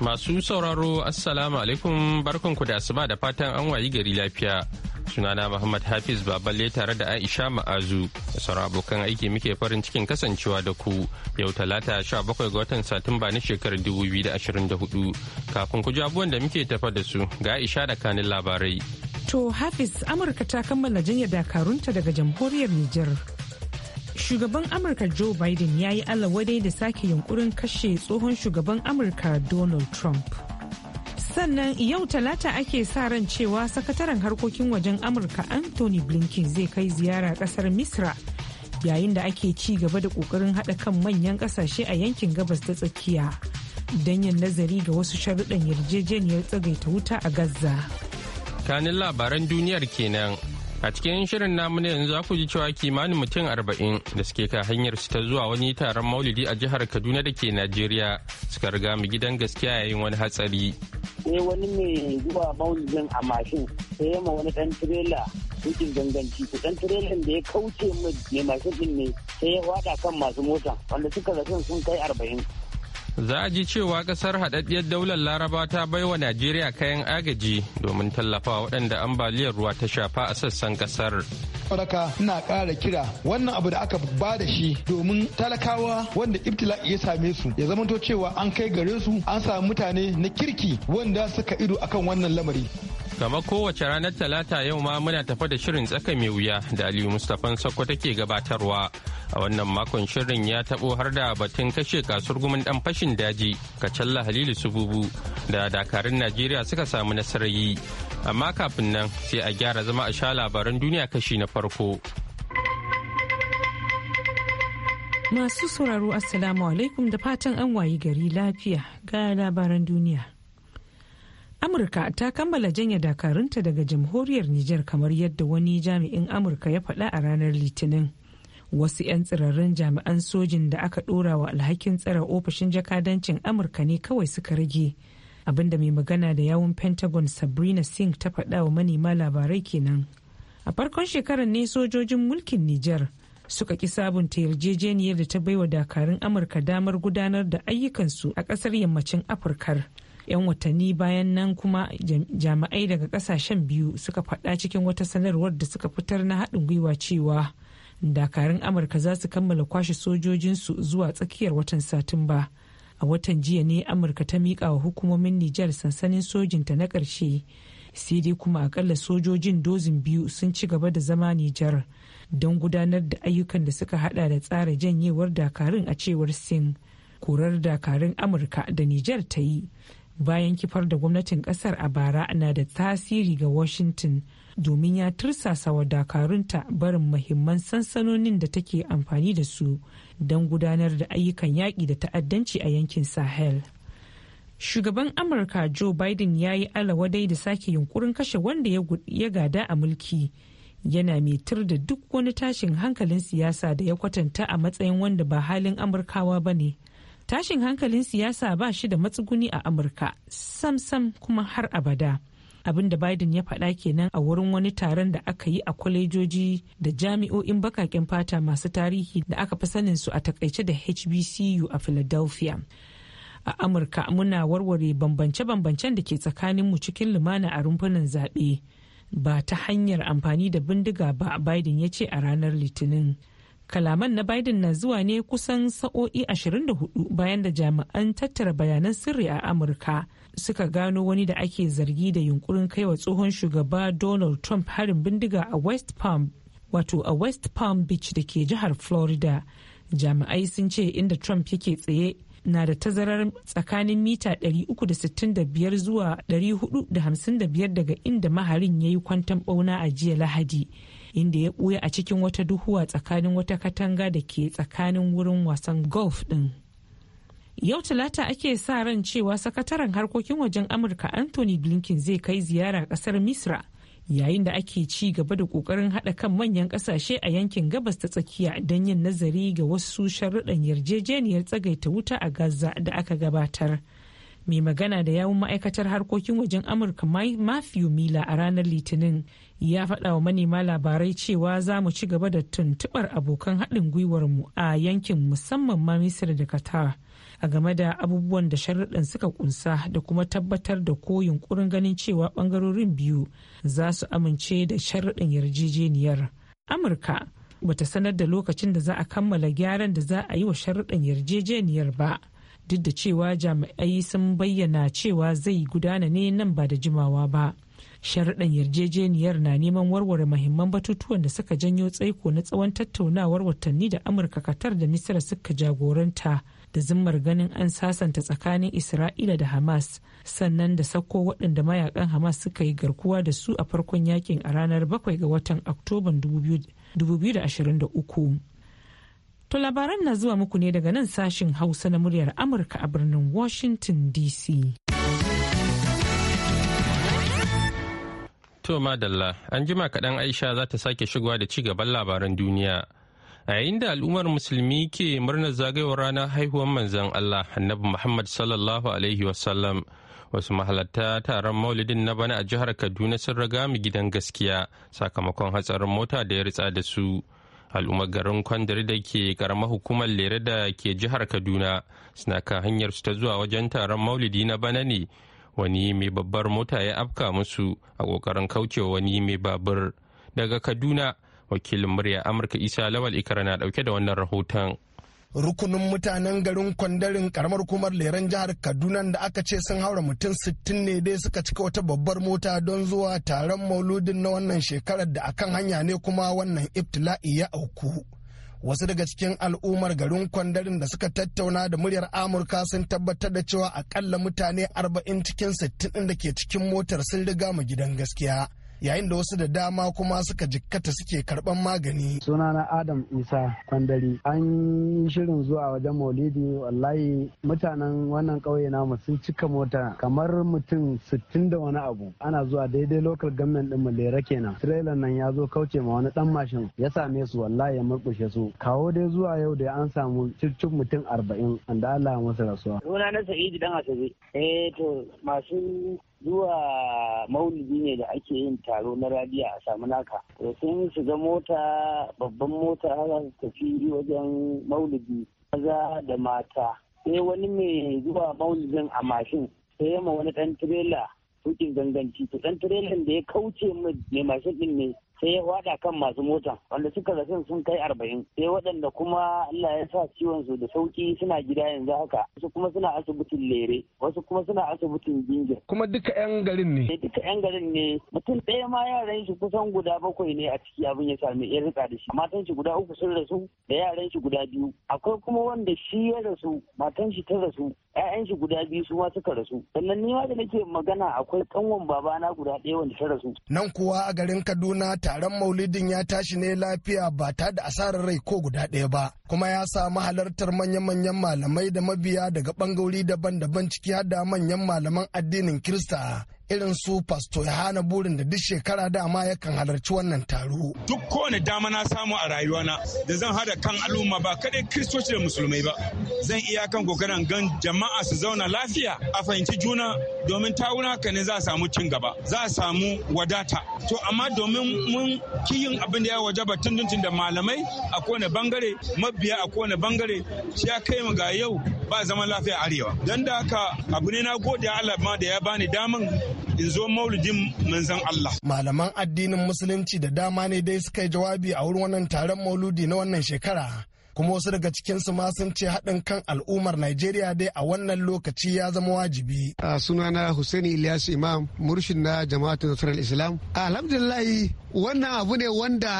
Masu sauraro Assalamu alaikum barkanku da asuba da fatan an wayi gari lafiya. Sunana Muhammad Hafiz Baballe tare da Aisha Ma'azu da sauran abokan aiki muke farin cikin kasancewa da ku yau talata 17 ga watan Satumba na shekarar 2024 kafin ku ji abubuwan da muke tafa da su ga Aisha da kanin labarai. To Hafiz Amurka ta kammala jinyar dakarunta daga jamhuriyar Nijar. shugaban amurka joe biden ya yi alawadai da sake yunkurin kashe tsohon shugaban amurka donald trump sannan yau talata ake sa ran cewa sakataren harkokin wajen amurka anthony blinken zai kai ziyara kasar misra yayin da ake ci gaba da kokarin hada kan manyan kasashe a yankin gabas ta tsakiya don yin nazari ga wasu sharuɗan yarjejeniyar tsagaita wuta a gaza kanin labaran duniyar kenan A cikin shirin namu ne yanzu za ku ji cewa kimanin mutum arba'in da suke ka hanyar su ta zuwa wani taron maulidi a jihar Kaduna da ke Najeriya suka riga mu gidan gaskiya yayin wani hatsari. Sai wani mai zuwa maulidin a mashin sai ma wani dan tirela cikin ganganci ku dan tirelan da ya kauce mai mashin din ne sai ya wada kan masu mota wanda suka zaton sun kai arba'in. za a ji cewa kasar haɗaɗɗiyar daular laraba ta baiwa najeriya kayan agaji domin tallafa waɗanda ambaliyar ruwa ta shafa a sassan kasar Faraka na ƙara kira wannan abu da aka ba da shi domin talakawa wanda ibtila'i ya same su ya zamanto cewa an kai gare su an samu mutane na kirki wanda suka ido akan wannan lamari Kama kowace ranar Talata yau ma muna tafa da shirin tsaka mai wuya da Aliyu Mustapha Sakko take gabatarwa. A wannan makon shirin ya tabo har da batun kashe kasuwar gumin dan fashin daji Kacalla Halilu Sububu da dakarun Najeriya suka samu nasarar yi. Amma kafin nan sai a gyara zama a sha labaran duniya kashi na farko. Masu sauraro Assalamu alaikum da fatan an wayi gari lafiya ga labaran duniya. amurka ta kammala janye dakarunta daga jamhuriyar nijar kamar yadda wani jami'in amurka ya faɗa a ranar litinin wasu 'yan tsirarren jami'an sojin da aka ɗora wa alhakin tsara ofishin jakadancin amurka ne kawai suka rage abinda mai magana da yawun pentagon sabrina singh ta faɗa wa manema labarai kenan a farkon shekarar ne sojojin mulkin nijar suka ki sabunta yarjejeniyar da ta baiwa dakarun amurka damar gudanar da ayyukansu a ƙasar yammacin afirkar 'yan watanni bayan nan kuma jami'ai daga kasashen biyu suka faɗa cikin wata sanarwar da suka fitar na haɗin gwiwa cewa dakarun amurka za su kammala kwashe sojojinsu zuwa tsakiyar watan satumba a watan jiya ne amurka ta miƙa wa hukumomin nijar sansanin sojinta na ƙarshe sai dai kuma akalla sojojin dozin biyu sun ci gaba da zama nijar don gudanar da ayyukan da suka hada da tsara janyewar dakarun a cewar sin korar dakarun amurka da nijar ta yi bayan kifar da gwamnatin kasar a bara na da tasiri ga washington domin ya tursasa wa dakarunta barin mahimman sansanonin da take amfani da su don gudanar da ayyukan yaƙi da ta'addanci a yankin sahel shugaban amurka joe biden ya yi alawadai da sake yunkurin kashe wanda ya gada a mulki yana mai da duk wani tashin hankalin siyasa da ya kwatanta a matsayin wanda ba halin amurkawa ba ne tashin hankalin siyasa ba shi da matsuguni a amurka sam-sam kuma har abada abin da biden ya faɗa kenan a wurin wani taron da aka yi a kwalejoji da jami'o'in bakaken fata masu tarihi da aka fi sanin su a takaice da hbcu a philadelphia a amurka muna warware bambance-bambancen da ke tsakanin mu cikin lumana a rumfunan zaɓe ba ta hanyar amfani da bindiga ba biden ya ce a ranar litinin kalaman na biden na zuwa ne kusan sa'o'i 24 bayan da jami'an tattara bayanan sirri a amurka suka gano wani da ake zargi da yunkurin kaiwa tsohon shugaba donald trump harin bindiga a west palm wato a west palm beach da ke jihar florida jami'ai sun ce inda trump yake tsaye na da tazarar tsakanin mita 365 zuwa 455 daga inda maharin ya yi kwanton bauna a jiya lahadi inda ya buya a cikin wata duhuwa tsakanin wata katanga da ke tsakanin wurin wasan golf din yau talata ake sa ran cewa sakataren harkokin wajen amurka anthony blinken zai kai ziyara kasar misra yayin da ake ci gaba da kokarin haɗa kan manyan ƙasashe a yankin gabas ta tsakiya don yin nazari ga wasu sharuɗan yarjejeniyar tsagaita wuta a gaza da aka gabatar mai magana da yawun ma'aikatar harkokin wajen amurka matthew miller a ranar litinin ya faɗa wa manema labarai cewa za mu ci gaba da tuntuɓar abokan haɗin gwiwar mu a yankin musamman ma misir da qatar a game da abubuwan da sharuɗan suka kunsa da kuma tabbatar da ko yunƙurin ganin cewa ɓangarorin biyu za su amince da sharuɗan yarjejeniyar amurka bata sanar da lokacin da za a kammala gyaran da za a yi wa sharuɗan yarjejeniyar ba duk da cewa jami'ai sun bayyana cewa zai gudana ne nan ba da jimawa ba sharaɗin yarjejeniyar na neman warware mahimman batutuwan da suka janyo tsaiko na tsawon tattaunawar watanni da amurka katar da misira suka jagoranta da zimmar ganin an sasanta tsakanin isra'ila da hamas sannan da sako waɗanda mayakan hamas suka yi garkuwa da su a farkon yakin a ranar 7 ga watan oktoban 2023 To labaran na zuwa muku ne daga nan sashin Hausa na muryar Amurka a birnin Washington DC. To madalla, an jima kaɗan Aisha za ta sake shigowa da ci gaban labaran duniya. A yayin da al'ummar musulmi ke murnar zagayowar ranar haihuwar manzon Allah, Annabi Muhammad sallallahu Alaihi wasallam. wasu mahalarta taron maulidin na bana a jihar kaduna sun raga mu gidan gaskiya sakamakon hatsarin mota da ya ritsa da su al'ummar garin kwandari da ke karamar hukumar lere da ke jihar kaduna suna kan hanyar su ta zuwa wajen taron maulidi na bana ne wani mai babbar mota ya afka musu a kokarin kaucewa wani mai babur daga kaduna wakilin murya amurka isa lawal ikara na dauke da wannan rahoton rukunin mutanen garin kwandarin karamar kumar Leran jihar kaduna da aka ce sun haura mutum 60 ne dai suka cika wata babbar mota don zuwa taron mauludin na wannan shekarar da akan hanya ne kuma wannan ibtila'i ya auku wasu daga cikin al'ummar garin kwandarin da suka tattauna da muryar amurka sun tabbatar da cewa akalla mutane 40 cikin 60 da ke cikin motar sun riga mu gidan gaskiya yayin da wasu da dama kuma suka jikkata suke karban magani Suna na adam isa kwandari an yi shirin zuwa wajen maulidi wallahi mutanen wannan kauye namu sun cika mota kamar mutum sittin da wani abu ana zuwa daidai local government din lera kenan trailer nan ya zo kauce ma wani dan mashin ya same su wallahi ya murkushe su kawo dai zuwa yau da an samu cikin mutum arba'in da Allah ya musu rasuwa. Suna na Sa'idu dan Asabe. Eh to masu zuwa maulidi ne da ake yin taro na radiya a samu naka to sun shiga mota babban mota haka su tafi wajen maulidi maza da mata sai wani mai zuwa maulidin a mashin sai yamma wani dan tirela tukin ganganci to dan tirelan da ya kauce mai mashin din ne sai ya waɗa kan masu mota wanda suka rasu sun kai arba'in sai waɗanda kuma Allah ya sa ciwon su da sauki suna gida yanzu haka wasu kuma suna asibitin lere wasu kuma suna asibitin jinja kuma duka yan garin ne eh, duka yan garin ne mutum ɗaya ma yaran shi kusan guda bakwai ne a ciki abin ya sami ya rika da shi matan shi guda uku sun rasu da yaran shi guda biyu akwai kuma wanda shi ya rasu matan shi ta rasu 'ya'yan shi guda biyu su ma suka rasu sannan ni ma da nake magana akwai kanwan babana guda ɗaya wanda ta rasu nan kuwa a garin Kaduna taron maulidin ya tashi ne lafiya ba ta da asarar rai ko guda ɗaya ba kuma ya samu halartar manya-manyan malamai da mabiya daga bangarori daban-daban ciki har da manyan malaman addinin Kirista irin su pasto hana burin da duk shekara dama yakan halarci wannan taro. Duk kowane dama na samu a rayuwana da zan hada kan al'umma ba kadai kristoci da musulmai ba. Zan iya kan kokarin gan jama'a su zauna lafiya a fahimci juna domin tawuna ka ne za a samu cin gaba za a samu wadata. To amma domin mun kiyin abin da ya wajaba tunduncin da malamai a kowane bangare mabiya a kowane bangare shi ya kai mu ga yau ba zaman lafiya arewa. Don da haka abu ne na gode Allah ma da ya bani daman in zo maulidin manzan Allah. Malaman addinin musulunci da dama ne dai suka yi jawabi a wurin wannan taron mauludi na wannan shekara. kuma wasu daga cikinsu ma sun ce haɗin kan al'ummar Najeriya dai a wannan lokaci ya zama wajibi. A sunana Hussaini Ilyas Imam, murshin na jama'atu Nasarar Islam. Alhamdulillahi wannan abu ne wanda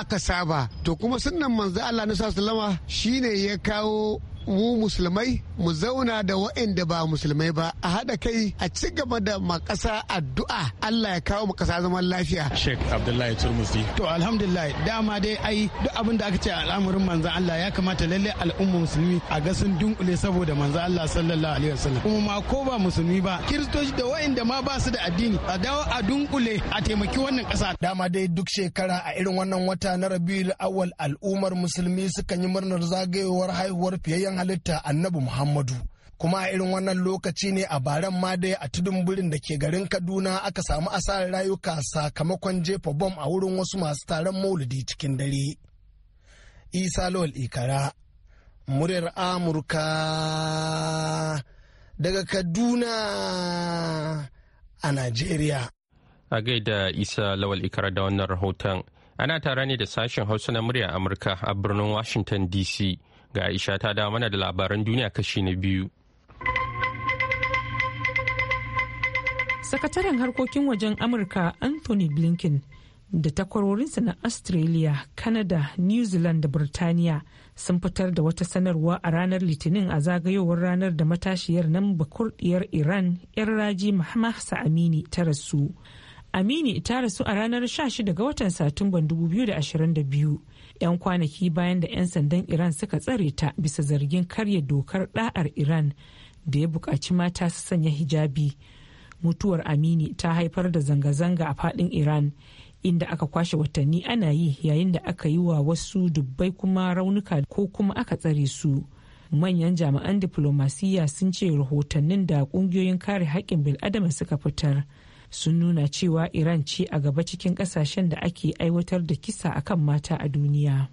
aka saba to kuma sunan manzo Allah na sallama shine ya kawo mu musulmai mu zauna da waɗanda ba musulmai ba a haɗa kai a ci gaba da makasa addu'a Allah ya kawo makasa zaman lafiya. Sheikh Abdullahi Turmusi. To alhamdulillah dama dai ai duk abin da aka ce al'amarin manzan Allah ya kamata lalle al'umma musulmi a ga sun dunkule saboda manzan Allah sallallahu alaihi wasallam. Kuma ma ko ba musulmi ba kiristoci da waɗanda ma ba su da addini a dawo a dunkule a taimaki wannan ƙasa. Dama dai duk shekara a irin wannan wata na Rabiul Awwal al'ummar musulmi sukan yi murnar zagayowar haihuwar fiyayyen halitta annabi Muhammadu. kuma a irin wannan lokaci ne a baran ma dai a tudun birin da ke garin kaduna aka samu asarar rayuka sakamakon jefa bom a wurin wasu masu taron maulidi cikin dare isa lawal ikara muryar amurka daga kaduna a najeriya a gaida isa lawal ikara da wannan rahoton ana tare ne da sashen hausa na muryar amurka a birnin washington dc Ga Aisha ta da mana da labaran duniya kashi na biyu. Sakataren harkokin wajen Amurka Anthony Blinken da takwarorinsa na Australia, Canada, New Zealand da Burtaniya sun fitar da wata sanarwa a ranar Litinin a zagayowar ranar da matashiyar nan bakurɗiyar Iran 'yar raji Mahsa Amini ta rasu. Amini ta rasu a ranar 16 ga watan Satumban 2022. 'yan kwanaki bayan da 'yan sandan iran suka tsare ta bisa zargin karya dokar da'ar iran da ya buƙaci mata su sanya hijabi mutuwar amini ta haifar da zanga-zanga a faɗin iran inda aka kwashe watanni ana yi yayin da aka yi wa wasu dubbai kuma raunuka ko kuma aka tsare su manyan jami'an diflomasiyya sun ce rahotannin da ƙungiyoyin kare haƙƙin bil'adama suka fitar sun nuna cewa iran ce a gaba cikin kasashen da ake aiwatar da kisa akan mata a duniya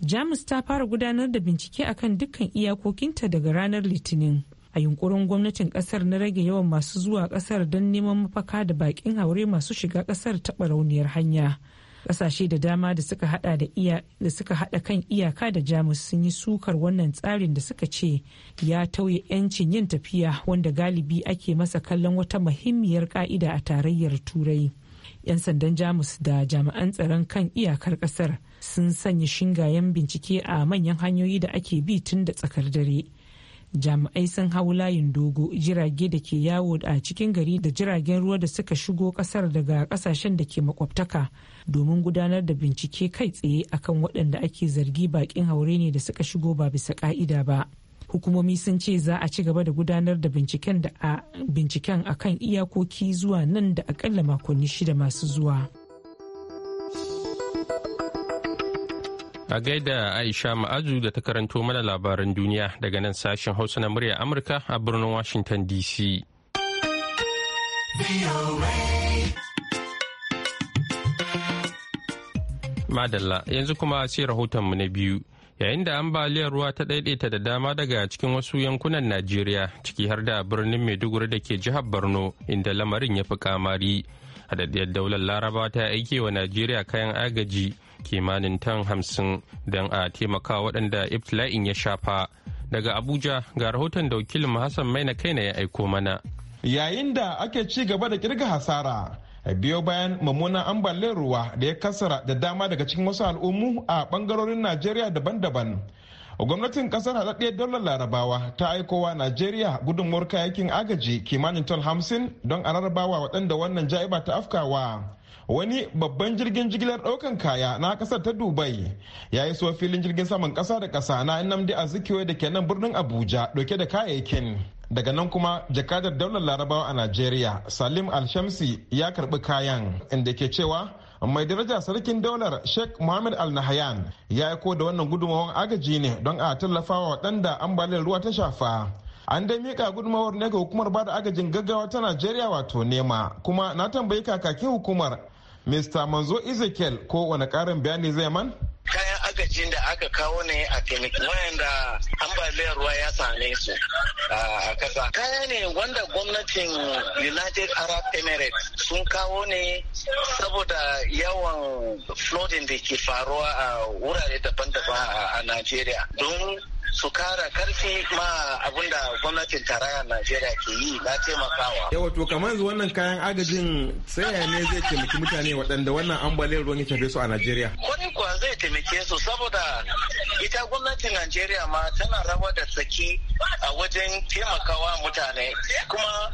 jamus ta fara gudanar da bincike akan dukkan iyakokinta daga ranar litinin a yunkurin gwamnatin kasar na rage yawan masu zuwa kasar don neman mafaka da bakin haure masu shiga kasar ta barauniyar hanya kasashe da dama da suka hada kan iyaka da jamus sun yi sukar wannan tsarin da suka ce ya tauye 'yancin yin tafiya wanda galibi ake masa kallon wata muhimmiyar ka'ida a tarayyar turai 'yan sandan jamus da jami'an tsaron kan iyakar kasar sun sanya shingayen bincike a manyan hanyoyi da ake bi tun da tsakar dare jami'ai sun hau layin dogo jirage da ke yawo a cikin gari da jiragen ruwa da suka shigo kasar daga kasashen da ke makwabtaka domin gudanar da bincike kai tsaye akan waɗanda ake zargi bakin haure ne da suka shigo ba bisa ka'ida ba hukumomi sun ce za a ci gaba da gudanar da binciken a kan iyakoki zuwa nan da akalla makonni shida masu zuwa. A gaida Aisha Ma'azu da ta karanto mana labaran duniya daga nan sashen Hausa na murya Amurka a birnin Washington DC. Madalla yanzu kuma sai rahotonmu na biyu. Yayin da ambaliyar ruwa ta daidaita da dama daga cikin wasu yankunan Najeriya ciki har da birnin Maiduguri da ke jihar Borno inda lamarin ya fi kamari. daɗiyar daular Laraba ta aike wa Najeriya kayan agaji. kimanin tan hamsin don a taimaka waɗanda ibtila'in ya shafa daga abuja ga rahoton da wakilin hassan kai kaina ya aiko mana yayin da ake ci gaba da kirga hasara biyo bayan mummunan ambaliyar ruwa da ya kasara da dama daga cikin wasu al'ummu a bangarorin najeriya daban-daban gwamnatin kasar haɗaɗɗiyar dalar larabawa ta aiko aikowa najeriya gudunmuwar kayakin agaji kimanin ton hamsin don a rarrabawa waɗanda wannan ja'iba ta afkawa wani babban jirgin jigilar daukan kaya na kasar ta dubai ya yi so filin jirgin saman kasa da kasa na namdi azikiwe da ke birnin abuja dauke da kayayyakin daga nan kuma jakadar daular larabawa a Nigeria salim alshamsi ya karbi kayan inda ke cewa mai daraja sarkin daular sheikh muhammad al nahyan ya aiko da wannan gudunmawar agaji ne don a tallafawa waɗanda ambaliyar ruwa ta shafa an dai mika gudunmawar ne ga hukumar bada agajin gaggawa ta Nigeria wato nema kuma na tambayi kakakin hukumar Mr. Manzo Ezekiel ko wani karin bayani zai man? Kayan agajin da aka kawo ne a taimaki wayanda ambaliyar ruwa ya same su a kasa. Kaya ne wanda gwamnatin United Arab Emirates sun kawo ne saboda yawan flooding da ke faruwa a wurare daban-daban a Najeriya. Don su kara karfi ma abinda gwamnatin tarayya najeriya ke yi na taimakawa yawa wato kamar yanzu wannan kayan agajin sai ne zai taimaki mutane waɗanda wannan ambaliyar ruwan ya tafi a najeriya Kwanin kuwa zai taimake su saboda ita gwamnatin najeriya ma tana rawa da saki a wajen taimakawa mutane kuma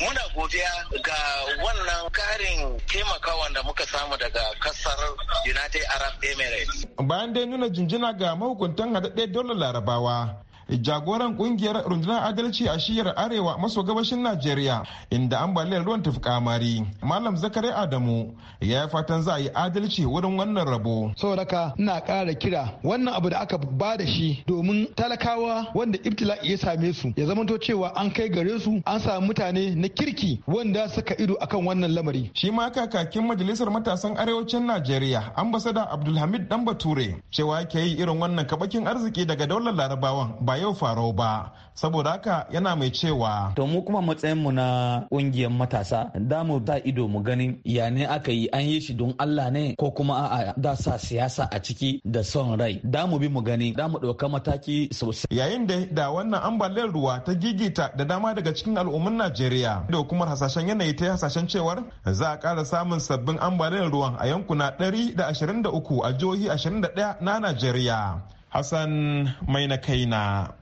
muna godiya ga wannan karin taimakawa da muka samu daga kasar united arab emirates bayan dai nuna jinjina ga mahukuntan haɗaɗɗen dole larabawa talakawa jagoran kungiyar rundunar adalci a shiyar arewa maso gabashin najeriya inda ambaliyar ruwan tafi kamari malam zakari adamu ya yi fatan za a yi adalci wurin wannan rabo ka ina kara kira wannan abu da aka ba da shi domin talakawa wanda ibtila'i ya same su ya zamanto cewa an kai gare su an samu mutane na kirki wanda suka ido akan wannan lamari shi ma kakakin majalisar matasan arewacin najeriya ambasada abdulhamid dan bature cewa ke yi irin wannan kabakin arziki daga daular larabawan bayan yau farau ba saboda haka yana mai cewa to mu kuma mu na kungiyar matasa da mu ta ido mu ganin ya ne aka yi an yi shi don Allah ne ko kuma a da sa siyasa a ciki da son rai da mu bi mu gani da mu ɗauka mataki sosai yayin da da wannan ambaliyar ruwa ta gigita da dama daga cikin al'umman Najeriya da hukumar hasashen yanayi ta hasashen cewar za a ƙara samun sabbin ambaliyar ruwan a yankuna 123 a jihohi 21 na Najeriya Hassan mai na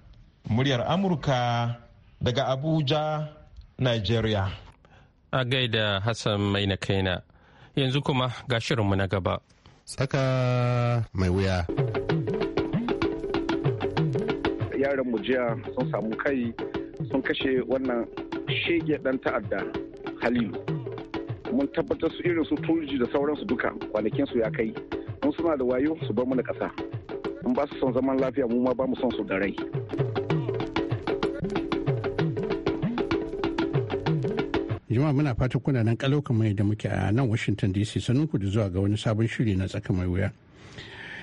muryar Amurka daga Abuja, Nigeria. A gaida Hassan Mainakaina, yanzu kuma ga shirinmu na gaba. Tsaka mai wuya. Yaran jiya sun samu kai sun kashe wannan shege ɗan ta'adda Halilu. Mun tabbatar su irin su tuji da sauransu duka kwanakinsu ya kai. Mun suna da wayo su bar mana ƙasa. in ba su son zaman lafiya mu ma ba mu son su da rai jama'a muna fatan kuna nan kalau mai da muke a nan washington dc sanin ku da zuwa ga wani sabon shiri na tsaka mai wuya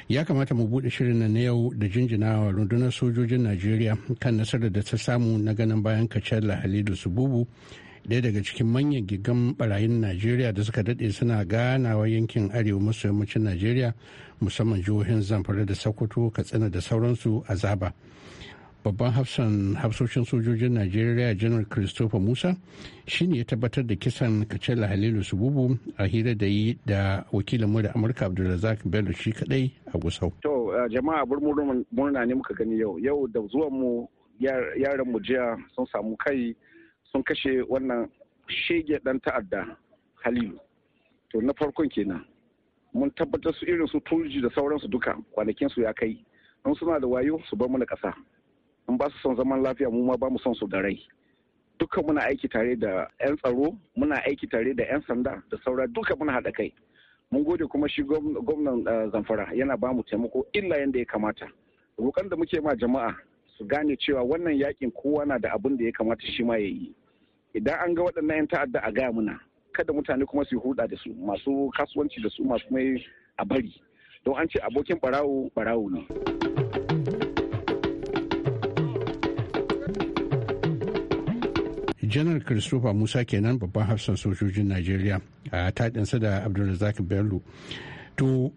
ya kamata mu bude shirin na yau da jinjinawa rundunar sojojin najeriya kan nasarar da ta samu na ganin bayan kacella halidu sububu ɗaya daga cikin manyan gigan barayin najeriya da suka daɗe suna ganawa yankin arewa maso yammacin najeriya musamman jihohin zamfara da sokoto katsina da sauransu a zaba babban hafsan hafsoshin sojojin najeriya janar christopher musa shine ya tabbatar da kisan kacela halilu sububu a hira da yi da wakilin mu da amurka abdulrazak bello shi kadai a gusau to uh, jama'a murna ne muka gani yau yau da zuwan mu yaran mu jiya sun samu kai sun kashe wannan shege dan ta'adda halilu to na farkon kenan mun tabbatar su irin su turji da sauransu duka kwanakin su ya kai in suna da wayo su bar mu da ƙasa in ba su son zaman lafiya mu ma ba mu son su da rai duka muna aiki tare da 'yan tsaro muna aiki tare da 'yan sanda da saura duka muna haɗa kai mun gode kuma shi gwamnan eh, zamfara yana ba mu taimako illa yadda ya kamata roƙon da muke ma jama'a su gane cewa wannan yakin kowa na da abin da ya kamata shi ma ya yi idan an ga waɗannan 'yan ta'adda a gaya muna kada mutane kuma su yi hulɗa da su masu kasuwanci da su masu mai a bari don an ce abokin barawo barawo ne janar christopher musa kenan babban hafsan sojojin najeriya a taɗinsa da abdulrazak bello to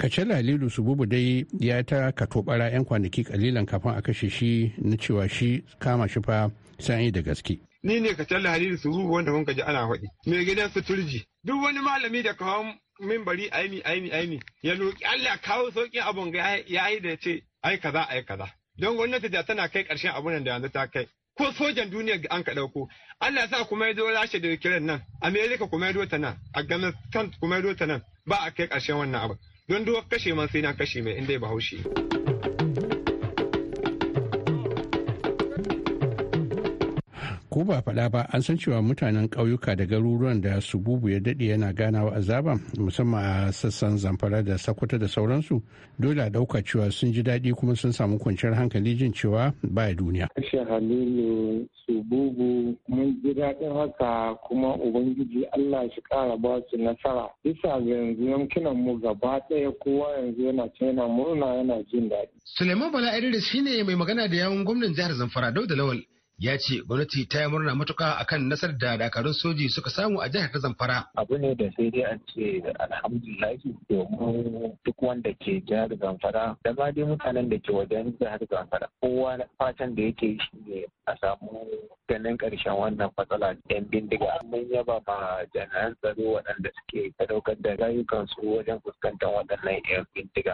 kacela su sububu dai ya ta katobara 'yan kwanaki kalilan kafin a kashe shi na cewa shi kama shi fa sai da gaske ni ne ka talla su rubu wanda kuka ji ana faɗi mai gidan suturji duk wani malami da kawo mimbari aini aini aini ya roki Allah kawo sauƙin abun ga yayi yi da ce ai kaza ai kaza don gwamnati da tana kai ƙarshen abun da yanzu ta kai ko sojan duniya an ka ɗauko Allah sa kuma ya rashe da kiran nan Amerika kuma ya ta nan Afghanistan kuma ya ta nan ba a kai ƙarshen wannan abu don duk kashe man sai na kashe mai inda ba bahaushe. ko ba faɗa ba an san cewa mutanen ƙauyuka da garuruwan da su bubu ya daɗe yana ganawa azaba musamman a sassan zamfara da sakwata da sauransu dole a ɗauka cewa sun ji daɗi kuma sun samu kwanciyar hankali jin cewa baya duniya. Kashe Halilu sububu mun ji daɗin haka kuma Ubangiji Allah shi ƙara ba su nasara. Bisa ga yanzu yankinan mu gaba ɗaya kowa yanzu yana can murna yana jin daɗi. Suleiman Bala Idris shine mai magana da yawun gwamnan jihar Zamfara Dauda Lawal. ya ce gwamnati ta yi murna matuka akan nasar da dakarun soji suka samu a jihar zamfara. Abu ne da sai dai an ce alhamdulahi domin duk wanda ke jihar zamfara da ma dai mutanen da ke wajen jihar zamfara kowa fatan da yake shi ne a samu ganin ƙarshen wannan matsala yan bindiga mun yaba ma jami'an tsaro waɗanda suke sadaukar da rayukansu wajen fuskantar waɗannan yan bindiga.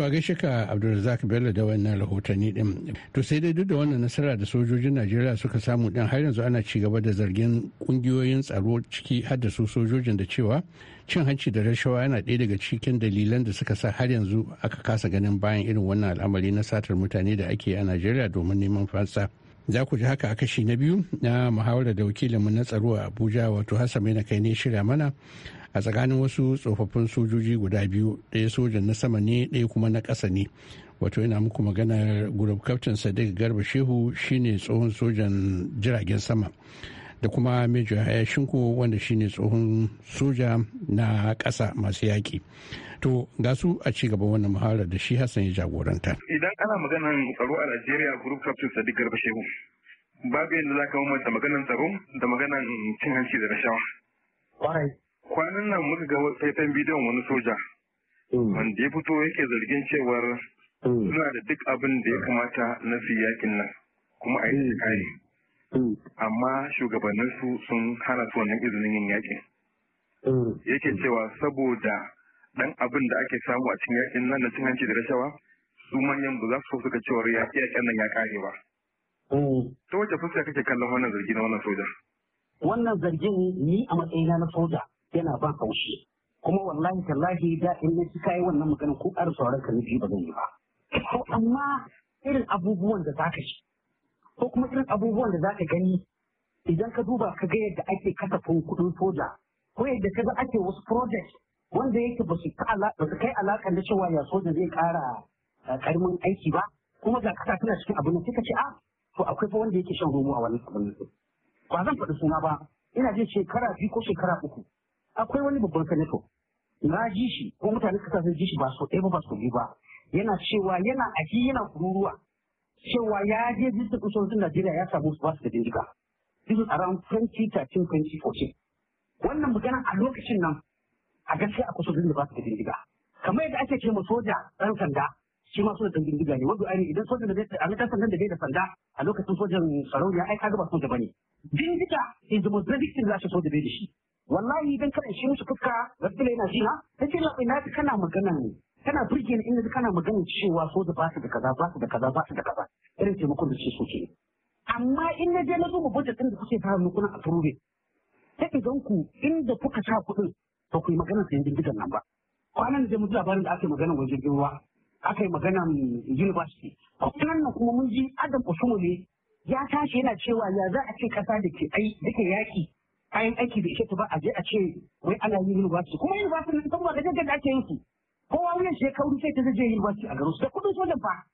To a gaishe ka Abdulrazak Bello da wannan rahotanni din. To sai dai duk da wannan nasara da sojojin Najeriya suka samu din har yanzu ana ci gaba da zargin kungiyoyin tsaro ciki har da su sojojin da cewa cin hanci da rashawa yana ɗaya daga cikin dalilan da suka sa har yanzu aka kasa ganin bayan irin wannan al'amari na satar mutane da ake a Najeriya domin neman fansa. za ku ji haka a kashi na biyu na muhawarar da wakilinmu na tsaro a abuja wato hassan mai na kai ne shirya mana a tsakanin wasu tsofaffin sojoji guda biyu ɗaya sojan na sama ne ɗaya kuma na ƙasa ne wato yana muku maganar gurub kaftin sadiq garba shehu shine tsohon sojan jiragen sama da kuma major haya shinku wanda shine tsohon soja na ƙasa masu yaƙi to ga su a ci gaban wannan muhawarar da shi hassan ya jagoranta idan ana maganan tsaro a najeriya group captain sadiq garba shehu babu yadda za ka da maganar tsaro da maganar cin hanci da rashawa kwanan nan muka ga faifan bidiyon wani soja hmm. wanda ya fito yake zargin cewar hmm. suna da duk abin da ya kamata na su yakin nan kuma a yi hmm. kare amma shugabanninsu sun hana su wannan izinin yin yakin yake cewa saboda dan abin da ake samu a cikin yakin nan da cin hanci da rashawa su manyan ba za su so cewa ya ya yakin nan ya kare ba. Mm. Ta wace fuska kake kallon wannan zargi na wannan soja? Wannan zargin ni a matsayina na soja yana ba haushi. Kuma wallahi tallahi da in na cika yi wannan maganin ko ƙara sauran ka nufi ba zan yi ba. Ko amma irin abubuwan da za ka shi ko kuma irin abubuwan da za ka gani idan ka duba ka ga yadda ake kasafin kuɗin soja ko yadda ka ga ake wasu project wanda yake ba su kai alaƙar da cewa ya soja zai ƙara karamin eh, aiki ba kuma ga kasa tana cikin abin da suka ce a ah, to akwai fa wanda yake shan romo a wannan abin ba zan faɗi suna ba ina jin shekara biyu ko shekara uku akwai wani babban sanato na ji shi ko mutane suka sun ji shi ba so ɗaya ba su so ba yana cewa yana aji yana kururuwa cewa ya je jinsu kusurcin Najeriya ya samu su ba su da bindiga. This is around 2013-2014. Wannan magana a lokacin nan a sai akwai sojojin da ba su da bindiga kamar yadda ake ce ma soja ɗan sanda shi ma ɗan bindiga ne wanda ari idan soja da zai a ɗan sandan da bai da sanda a lokacin sojan sarauniya ai kaga ba soja bane bindiga in the most dreadful thing that soja bai da shi wallahi idan kana shi musu fuska rabbila yana jina sai ce na ina kana magana ne kana burge ni inda kana magana cewa soja ba su da kaza ba su da kaza ba su da kaza irin taimakon da ce soke amma in na je na zo mu budget din da kuke fara nukuna a turube sai idan ku inda kuka sa kuɗin ba ku yi maganar sayan bindigan nan ba kwanan da mutu labarin da aka yi maganar wajen ruwa aka yi maganar university kwanan nan kuma mun ji adam kusumu ne ya tashi yana cewa ya za a ce kasa da ke ai da ke yaki kayan aiki da ita ta ba a je a ce wai ana yin university kuma university nan kuma ga da ake yin su kowa wannan shekaru sai ta je university a garin su da kudin sojan fa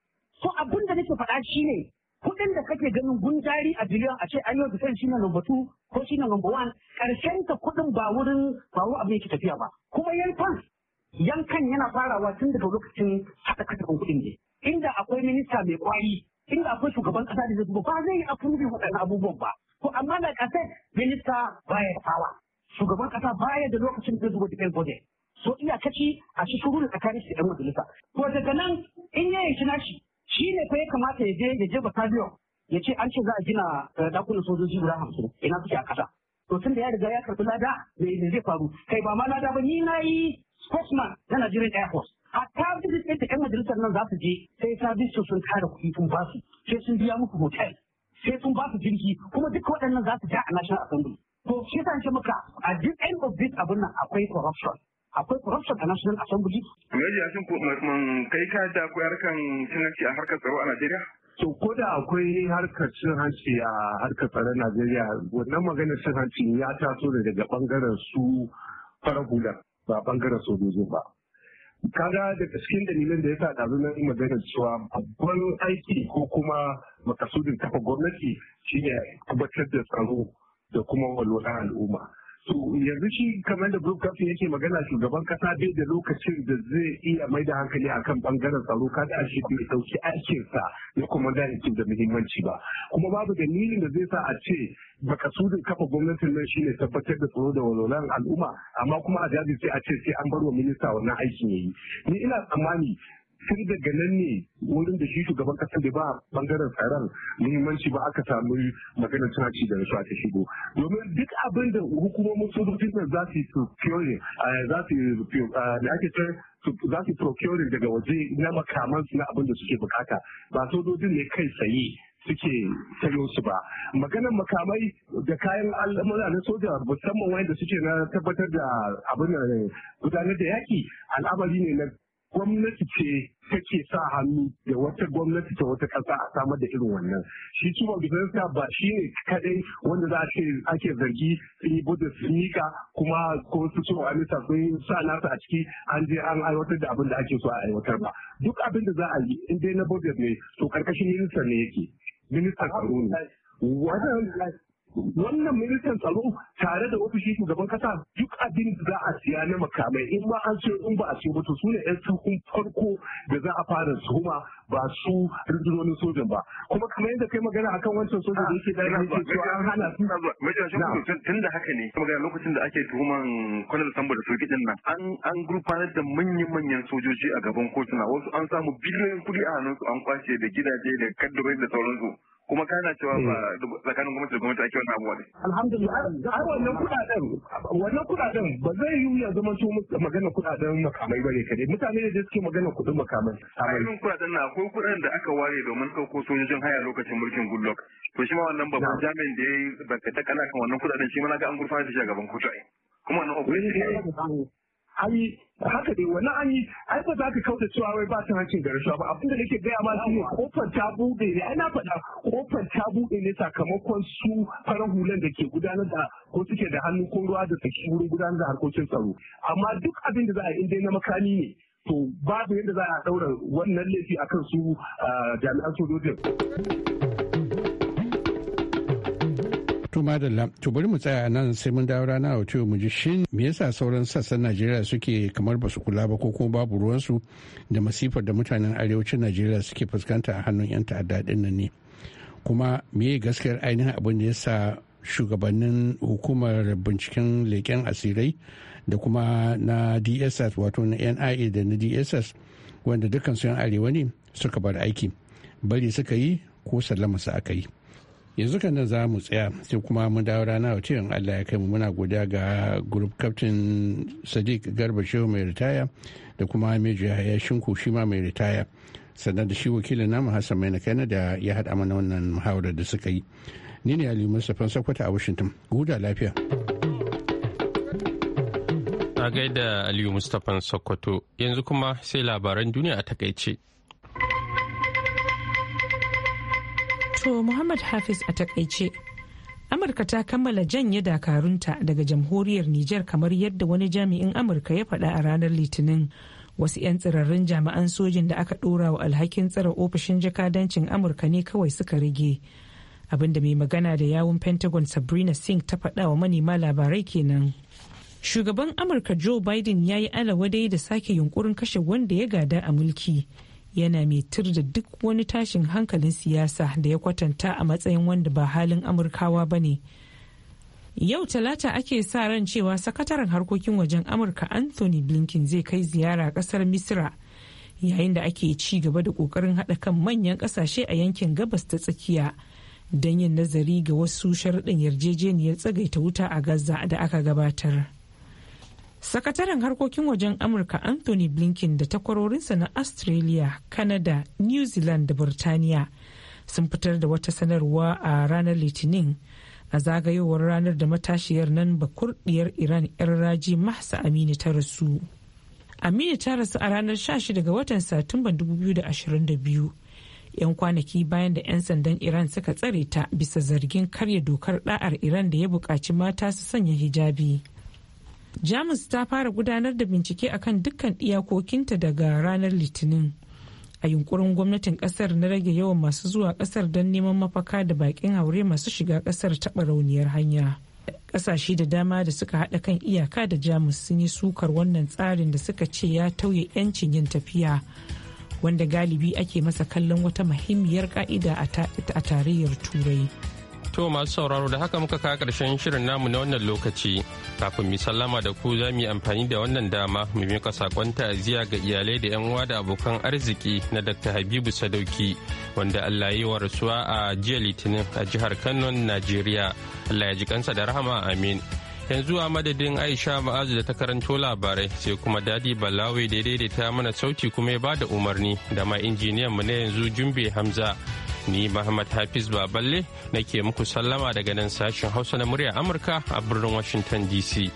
so abin da nake faɗa shine kuɗin da kake ganin gunjari a biliyan a ce an yau defense shine number two ko shine number one karshen ta kuɗin ba wurin ba abin yake tafiya ba kuma yankan yankan yana farawa tun daga lokacin haɗa kasafin kuɗin ne inda akwai minista mai kwari inda akwai shugaban ƙasa da zai ba zai yi approving waɗannan abubuwan ba to amma da ƙasa minista baya da fawa shugaban ƙasa baya da lokacin da zuba defense budget so iyakaci a shi shuru da tsakanin su da majalisa to daga nan in ya na shi? shi ne fa ya kamata ya je ya je Batalion ya ce an ce za a gina dakunan eh, sojoji guda hamsin ina suke a kasa. To tun da ya riga ya karɓi lada me zai faru kai ba ma lada ba ni na yi spokesman na Nigerian Air Force. Hatta visit ɗin da 'yan majalisar nan za su je sai su sun kare kuɗi sun ba su sai sun biya muku hotel sai sun ba su jirgi kuma duk waɗannan za su ja a National Assembly. To shi yasa ce maka a duk end of this abin nan akwai corruption. akwai corruption a national assembly Alhaji Yasin ko kai ka da akwai harkan cin hanci a harkar tsaro a Najeriya to ko da akwai harkar cin hanci a harkar tsaron Najeriya wannan maganar cin hanci ya taso ne daga bangaren su farar hula ba bangaren sojojin ba kaga daga cikin dalilin da ya sa ɗazu na maganar cewa babban aiki ko kuma makasudin kafa gwamnati shine tabbatar da tsaro da kuma walwalar al'umma to yanzu shi kamar da group captain yake magana shugaban kasa bai da lokacin da zai iya mai da hankali akan bangaren tsaro kada a shi bai dauki aikinsa na commander in da muhimmanci ba kuma babu dalilin da zai sa a ce da kafa gwamnatin nan ne tabbatar da tsaro da walwalan al'umma amma kuma a jajirce sai a ce sai an bar wa minista wannan aikin yi ni ina tsammani sai daga nan ne wurin da shi shugaban kasar da ba bangaren tsaron muhimmanci ba aka samu maganar suna ci da rasuwa ta shigo domin duk abin da hukumomin sojojin nan za su eh, za su da eh, ake za su procuring daga waje na makamansu na abin da suke bukata ba sojojin ne kai tsaye suke sayo su ba maganar makamai da kayan al'amura na soja musamman wanda suke na tabbatar da abin gudanar da yaki al'amari ne na gwamnati ce take sa hannu da wata gwamnati ta wata ƙasa a samar da irin wannan shi su of ba shi ne kadai wanda za a ce ake zargi sun yi buddha sun kuma ko su ce wa amisa sun sa nasu a ciki an je an aiwatar da abin da ake so a aiwatar ba duk abin da za a yi in dai na buddha ne to karkashin minista ne yake ministan tsaro ne wannan ministan tsaro tare da ofishin shugaban kasa duk abin da za a siya na makamai in ma an ce in ba a ce mutu su ne yan sahun farko da za a fara su kuma ba su rundunonin sojan ba kuma kamar yadda kai magana akan wancan sojan da yake da yake cewa an hana su tun da haka ne magana lokacin da ake tuhuman kwanar sambo da soki din nan an an gurfanar da manyan manyan sojoji a gaban kotuna wasu an samu biliyoyin kuɗi a hannunsu an kwashe, da gidaje da kaddobai da sauransu kuma kana cewa ba eh. tsakanin gwamnati da gwamnati ake wani abuwa ne. Alhamdulillah ai wannan kudaden wannan kudaden ba zai yi ya zama su magana kudaden makamai ba ne kadai mutane da suke magana kuɗin makamai. Ainihin kudaden na akwai kuɗaɗen da aka ware domin ɗauko sojojin haya lokacin mulkin Goodluck. To shi ma wannan babban jami'in da ya yi bakata kana kan wannan kudaden shi ma na ga an gurfana da shi a gaban kotu ai. Kuma wannan operation eh, ai haka dai wani an yi ai ba za ka kauta cewa wai ba ta hancin garisha ba abin da nake gaya ma shi ne kofar ta buɗe ne ai na faɗa kofar ta buɗe ne sakamakon su farar hulan da ke gudanar da ko suke da hannu ko ruwa da tsaki wurin gudanar da harkokin tsaro amma duk abin da za a yi in na makami ne to babu yadda za a ɗaura wannan laifi akan su ah, jami'an sojojin. To madalla, to bari mu tsaya nan sai mun dawo rana a wato mu ji shin me yasa sauran sassan Najeriya suke kamar basu kula ba ko kuma babu ruwansu da masifar da mutanen arewacin Najeriya suke fuskanta a hannun 'yan ta'adda din nan ne. Kuma me gaskiyar ainihin abin da yasa shugabannin hukumar binciken leken asirai da kuma na DSS wato na NIA da na DSS wanda dukkan su 'yan arewa ne suka bar aiki. Bari suka yi ko sallama su aka yi. yanzu kan nan za mu tsaya sai kuma mun dawo rana wace in allah ya kai mu muna godiya ga group captain sadiq garba shehu mai ritaya da kuma mejo ya shinku shi ma mai ritaya sannan da shi wakilin namu hassan mai na da ya haɗa mana wannan muhawarar da suka yi ni ne aliyu mustapha sakwata a washington huda lafiya a gaida aliyu mustapha sokoto yanzu kuma sai labaran duniya a takaice. To Muhammad Hafiz a takaice. Amurka ta kammala janye dakarunta daga jamhuriyar Nijar kamar yadda wani jami'in Amurka ya faɗa a ranar Litinin. Wasu 'yan tsirarrun jami'an sojin da aka ɗora wa alhakin tsare ofishin jakadancin Amurka ne kawai suka rage. Abinda mai magana da yawun Pentagon Sabrina Singh ta faɗa wa manema labarai kenan. Shugaban Amurka Joe Biden ya yi alawadai da sake yunkurin kashe wanda ya gada a mulki. yana mai tir da duk wani tashin hankalin siyasa da ya kwatanta a matsayin wanda ba halin amurkawa ba ne yau talata ake sa ran cewa sakataren harkokin wajen amurka anthony blinken zai kai ziyara kasar misra yayin da ake ci gaba da kokarin hada kan manyan kasashe a yankin gabas ta tsakiya don yin nazari ga wasu sharaɗin yarjejeniyar tsagaita wuta a gaza da aka gabatar. sakataren harkokin wajen amurka anthony blinken da takwarorinsa na australia canada new zealand da burtaniya sun fitar da wata sanarwa a ranar litinin a zagayowar ranar da matashiyar nan bakurɗiyar iran yar raji mahsa amini ta rasu amini ta rasu a ranar 16 ga watan Satumba 2022 'yan kwanaki bayan da 'yan sandan iran suka tsare ta bisa zargin karya dokar da'ar iran da ya buƙaci mata su sanya hijabi. jamus ta fara gudanar da bincike a kan dukkan iyakokinta daga ranar litinin a yunkurin gwamnatin kasar na rage yawan masu zuwa kasar don neman mafaka da bakin haure masu shiga kasar taɓa rauniyar hanya ƙasashe da dama da suka haɗa kan iyaka da jamus sun yi sukar wannan tsarin da suka ce ya tauye 'yancin yin tafiya wanda galibi ake masa kallon wata muhimmiyar ka'ida a tarayyar turai. To masu sauraro da haka muka kawo ƙarshen shirin namu na wannan lokaci. Kafin mu sallama da ku za mu yi amfani da wannan dama mu miƙa saƙon ta'aziyya ga iyalai da 'yan uwa da abokan arziki na Dr. Habibu Sadauki wanda Allah ya yi wa rasuwa a jiya Litinin a jihar Kano, Najeriya. Allah ya ji kansa da rahama amin. Yanzu a madadin Aisha Ma'azu da ta karanto labarai sai kuma Dadi Balawe da daidaita mana sauti kuma ya ba da umarni da ma injiniyan mu na yanzu Jumbe Hamza. Ni Muhammad Hafiz Baballe nake muku sallama daga nan sashen Hausa na murya Amurka a birnin Washington DC.